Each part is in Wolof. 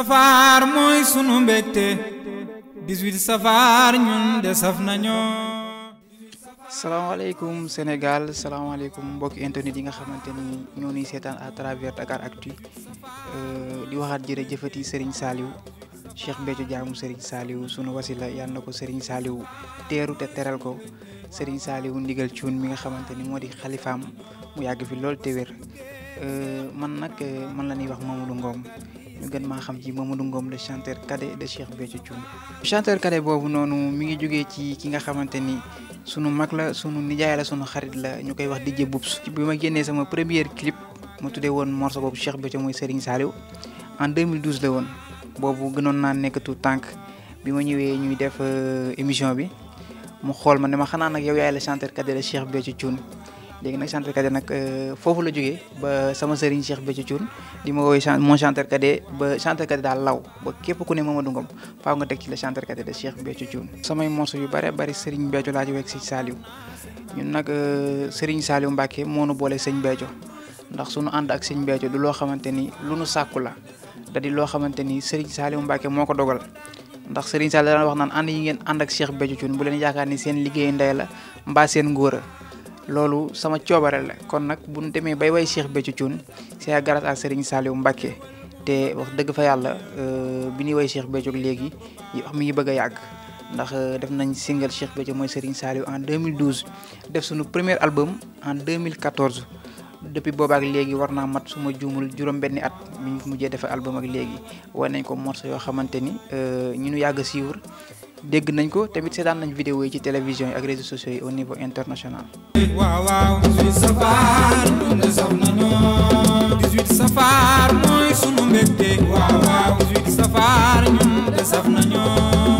safar mooy sunu mbégte 18 safar ñun de saf nañoo salaamaaleykum Sénégal salaamaaleykum mbokki internet yi nga xamante ni ñoo ñuy seetaan à travers Dakaractu euh, di waxaat jër jërëjëfati Serigne Saliou Cheikh Béthio jaamu Serigne Saliou sunu wasila yal na ko Serigne Saliou teeru te teral ko sëriñ Saliou ndigal cuun mi nga xamante ni moo di xalifaam mu yàgg fi lool te wér euh, man nag man la ñuy wax Mamadou Ngom ñu gën maa xam ci Mamadou Ngom le chanteur cadet de Cheikh Béthio Thioune chanteur cadet boobu noonu mi ngi jógee ci ki nga xamante ni sunu mag la sunu nijaay la sunu xarit la ñu koy wax DJ Boubs bi ma génnee sama premier clip ma tuddee woon morceau boobu Cheikh Béthio mooy Serigne Saliou en 2012 la woon boobu gënoon naa nekk tout tànk bi ma ñëwee ñuy def euh, émission bi mu xool ma ne ma xanaa nag yow yaay la chanteur cadet de Cheikh Thioune léegi nag chanteur cadet nag foofu la jógee ba sama sëriñ Cheikh Béthio Thioune di ma woowee mon chanteur cadet ba chanteur cadet daal law ba képp ku ne Mamadou Ngom faaw nga teg ci la chanteur cadet de Cheikh Béthio Thioune. samay morceau yu bare bari sëriñ Béthio laa ci wekk si Saliou ñun nag euh, sëriñ Saliou Mbacke moo nu boole sëñ Béthio ndax sunu ànd ak sëñ Béthio du loo xamante ni lu nu sàkku la da di loo xamante ni sëriñ Saliou Mbacke moo ko dogal. ndax Serigne Sall daan wax naan ànd yi ngeen ànd ak Cheikh Béthio Thioune bu leen yaakaar ni seen liggéey ndey la mbaa seen ngóora loolu sama coobare la kon nag bu ñu demee bay way Cheikh Béthio Thioune c'est grâce à Serigne Saliou Mbacké te wax dëgg fa yàlla euh, bi ñuy way Cheikh Béthio léegi wax mi ngi bëgg a yàgg ndax euh, def nañ single Cheikh Béthio mooy Serigne Saliou en 2012 def suñu premier album en 2014 depuis boobaak léegi war naa mat suma juumul juróom-benni at mi ngi mujjee defar album ak léegi way nañ ko morceau yoo xamante ni euh, ñu nu yàgg a dégg nañ ko tamit seetaan nañu vidéo yi ci télévision yi ak réseaux sociaux yi au niveau international. waaw waaw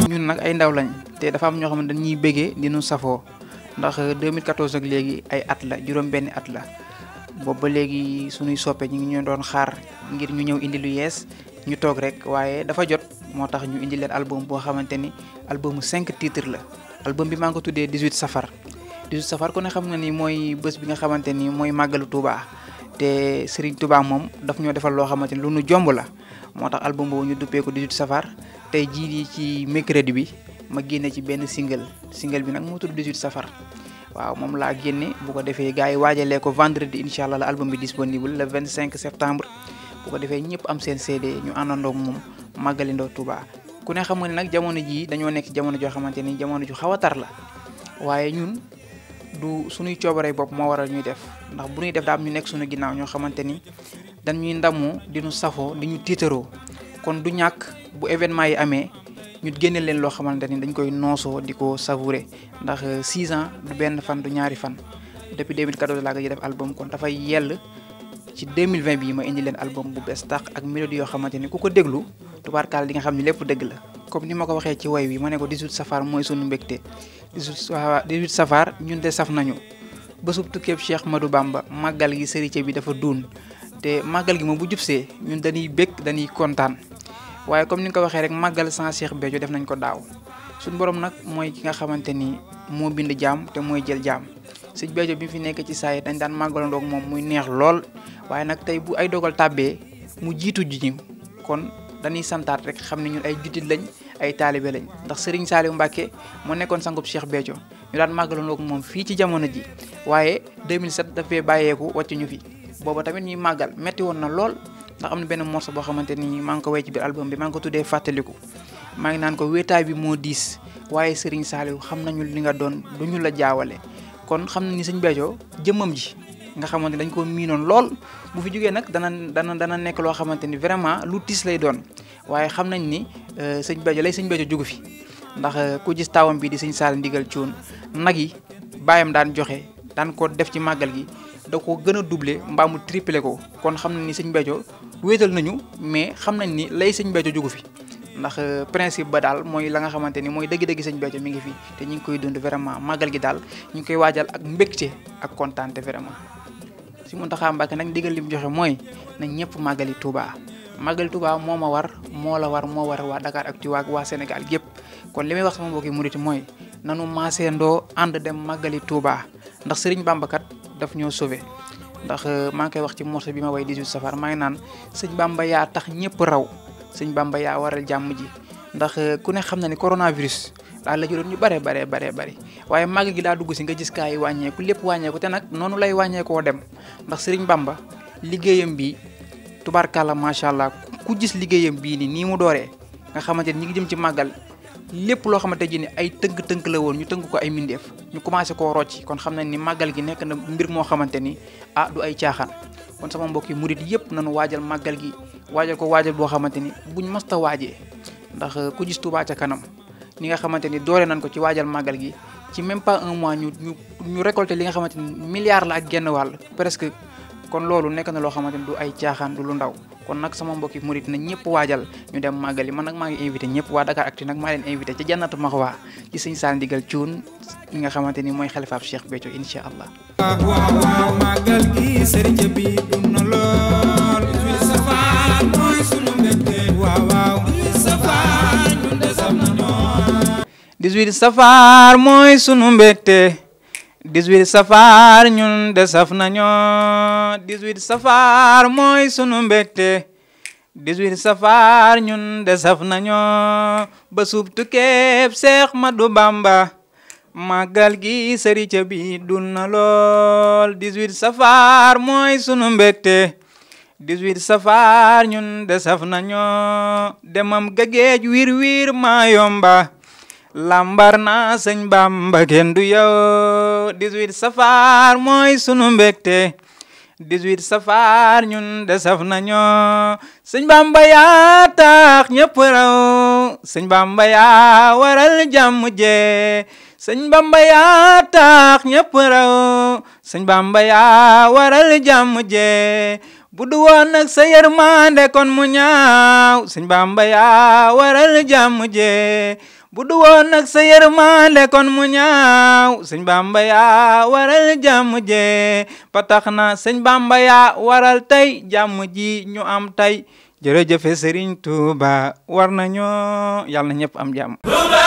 ñun nag ay ndaw lañ te dafa am ñoo xam ne dañuy bëggee di nu safoo ndax 2014 ak léegi ay at la juróom-benni at la boobu léegi sunuy soppe ñu ngi ñoo doon xaar ngir ñu ñëw indi lu yees. ñu toog rek waaye dafa jot moo tax ñu indi leen album boo xamante ni album 5 titres la album bi maa ngi ko tuddee 18 safar 18 safar ku ne xam nga ni mooy bés bi nga xamante ni mooy màggalu Touba te Serigne Touba moom daf ñoo defal loo xamante ni lu nu jomb la moo tax album boobu ñu duppee 18 safar tey jii di ci mercredi bi ma génne ci benn single single bi nag moo tudd 18 safar waaw moom laa génne bu ko defee gars yi waajalee ko vendredi incha allah la album bi disponible le 25 septembre. bu ko defee ñëpp am seen CD ñu àndandoo moom màggalindoo Touba. ku ne xam nag jamono jii dañoo nekk jamono joo xamante ni jamono ju xaw a tar la waaye ñun du suñuy coobaree bopp moo waral ñuy def ndax bu ñuy def daa am ñu nekk suñu ginnaaw ñoo xamante ni dañuy ndamoo di ñu safoo di ñu tiitaroo kon du ñàkk bu événement yi amee ñu génnee leen loo xamante ni dañ koy noosoo di ko savourer ndax 6 ans du benn fan du ñaari fan depuis 2014 laa ko def album kon dafay yell ci 2020 bi ma indi album bu bees tax ak mélodie yoo xamante ni ku ko déglu tubaarkaal di nga xam ne lépp la comme ni ma ko waxee ci way wi ma ne ko 18 safar mooy sunu mbégte 18 safar ñun de saf nañu bésub tukkeeb Cheikh Madou Bamba màggal gi sërice bi dafa duun te màggal gi moom bu jubsee ñun dañuy bég dañuy kontaan waaye comme ni nga ko rek màggal sans Cheikh def nañ ko borom nak mooy ki nga xamante ni bind te mooy jël sëñ Béthio bi fi nekk ci saa yi dañ daan màggalandoog moom muy neex lool waaye nag tey bu ay dogal tàbbee mu jiitu ji ñu kon dañuy santaat rek xam ne ñun ay juddit lañ ay taalibe lañ ndax Serigne Saliou Mbacke moo nekkoon sangub Cheikh Béthio ñu daan màggalandoog moom fii ci jamono ji waaye 2007 dafee bàyyeeku wàcc ñu fi booba tamit ñuy màggal metti woon na lool ndax am na benn morceau boo xamante ni maa ngi ko wey ci biir album bi maa ngi ko tuddee fàttaliku maa ngi naan ko wéetaay bi moo diis waaye Serigne Saliou xam nañu li nga doon du ñu la jaawale kon xam na ni sëñ Béthio jëmmam ji nga xamante dañ ko miinoon lool bu fi jógee nag dana dana dana nekk loo xamante ni vraiment lu tiis lay doon waaye xam nañ ni euh, sëñ Béthio lay sëñ Béthio jógu fi ndax euh, ku gis taawam bi di sëñ Saal ndigal Cuun nag yi baayam daan joxe daan ko def ci màggal gi da ko gën a doublé mbaa mu ko kon xam nañ ni sëñ Béthio wéetal nañu mais xam nañ ni lay sëñ Béthio jógu fi ndax euh, principe ba daal mooy la nga xamante ni mooy dëgg-dëgg sëñ Béthio mi ngi fi te ñu ngi koy dund vraiment màggal gi koy ak mbégte ak kontaante vraiment si Mountakha Mbacké nag ndigal lim joxe mooy nañ ñëpp màggali Touba màggali Touba moo ma war mo la war moo war waa Dakar ak tiwak waa waa Sénégal yëpp kon li may wax sama mbokki murit mooy nanu masendo ànd dem màggali Touba ndax Serigne Bamba kat daf ñoo sauvé ndax euh, maa ngi koy wax ci morceau bi ma way 18 safar maa ngi naan Bamba yaa tax ñëpp raw sëñ Bamba yaa waral jàmm ji ndax eh, ku ne xam na ni coronavirus daal la juróon ñu bare bare bare bëri waaye màgg gi daa dugg si nga gis kaa wàññeeku lépp wàññeeku te nag noonu lay wàññeekoo dem ndax sëriñ Bamba liggéeyam bi tubaar tubaarkàlla macha allah ku gis liggéeyam bii ni nii mu dooree nga xamante ni ñu ngi jëm ci màggal lépp loo xamante ji ni ay tënk-tënk la woon ñu tënk ko ay mindeef ñu commencé koo rocci kon xam nañ ni màggal gi nekk nag mbir moo xamante ni ah ay caaxaan kon sama mbokk yi murit yëpp nañu waajal màggal gi waajal ko waajal boo xamante ni buñ masta waajee ndax euh, ku gis ca kanam ni nga xamante ni doore nañ ko ci waajal màggal gi ci même pas un mois ñu ñu ñu récolté li nga xamante ni milliard la ak genn wàll presque kon loolu nekk na loo xamante du ay caaxaan du lu ndaw kon nag sama mbokki murid na ñëpp waajal ñu dem màggali man nag maa ngi invité ñëpp waa Dakaractu nag maa leen invité ci jannatu maxwa ci sëñ Saal Ndigal Cuun nga Cheikh allah. gi bi na safar mooy sunu de 18 safar sunu 18 safar ñun de saf nañoo 18 safar mooy sunu mbégte 18 safar ñun de saf nañoo ba suub tukkeeb Seex Madu Bamba màggal gi sëri ca bi dun na lool 18 safar mooy sunu mbégte 18 safar ñun de saf nañoo demam gageej wir wir maa yomba lambar na sëñ bamba kenn du yow 18 safar mooy sunu mbégte 18 safar ñun de saf nañoo sëñ bamba yaa tax ñëpp raw sëñ bamba yaa waral jàmm je sëñ bamba yaa tax ñëpp bamba yaa waral jàmm bu du woon nag sa mu ñaaw sëñ bamba yaa waral jàmm bu du woon nag sa yërmande kon mu ñaaw sëñ bamba yaa waral jàmm jee ba tax na sëñ bamba yaa waral tey jàmm ji ñu am tey jërëjëfe sëriñ ba war nañoo yàlla na ñëpp am jàmm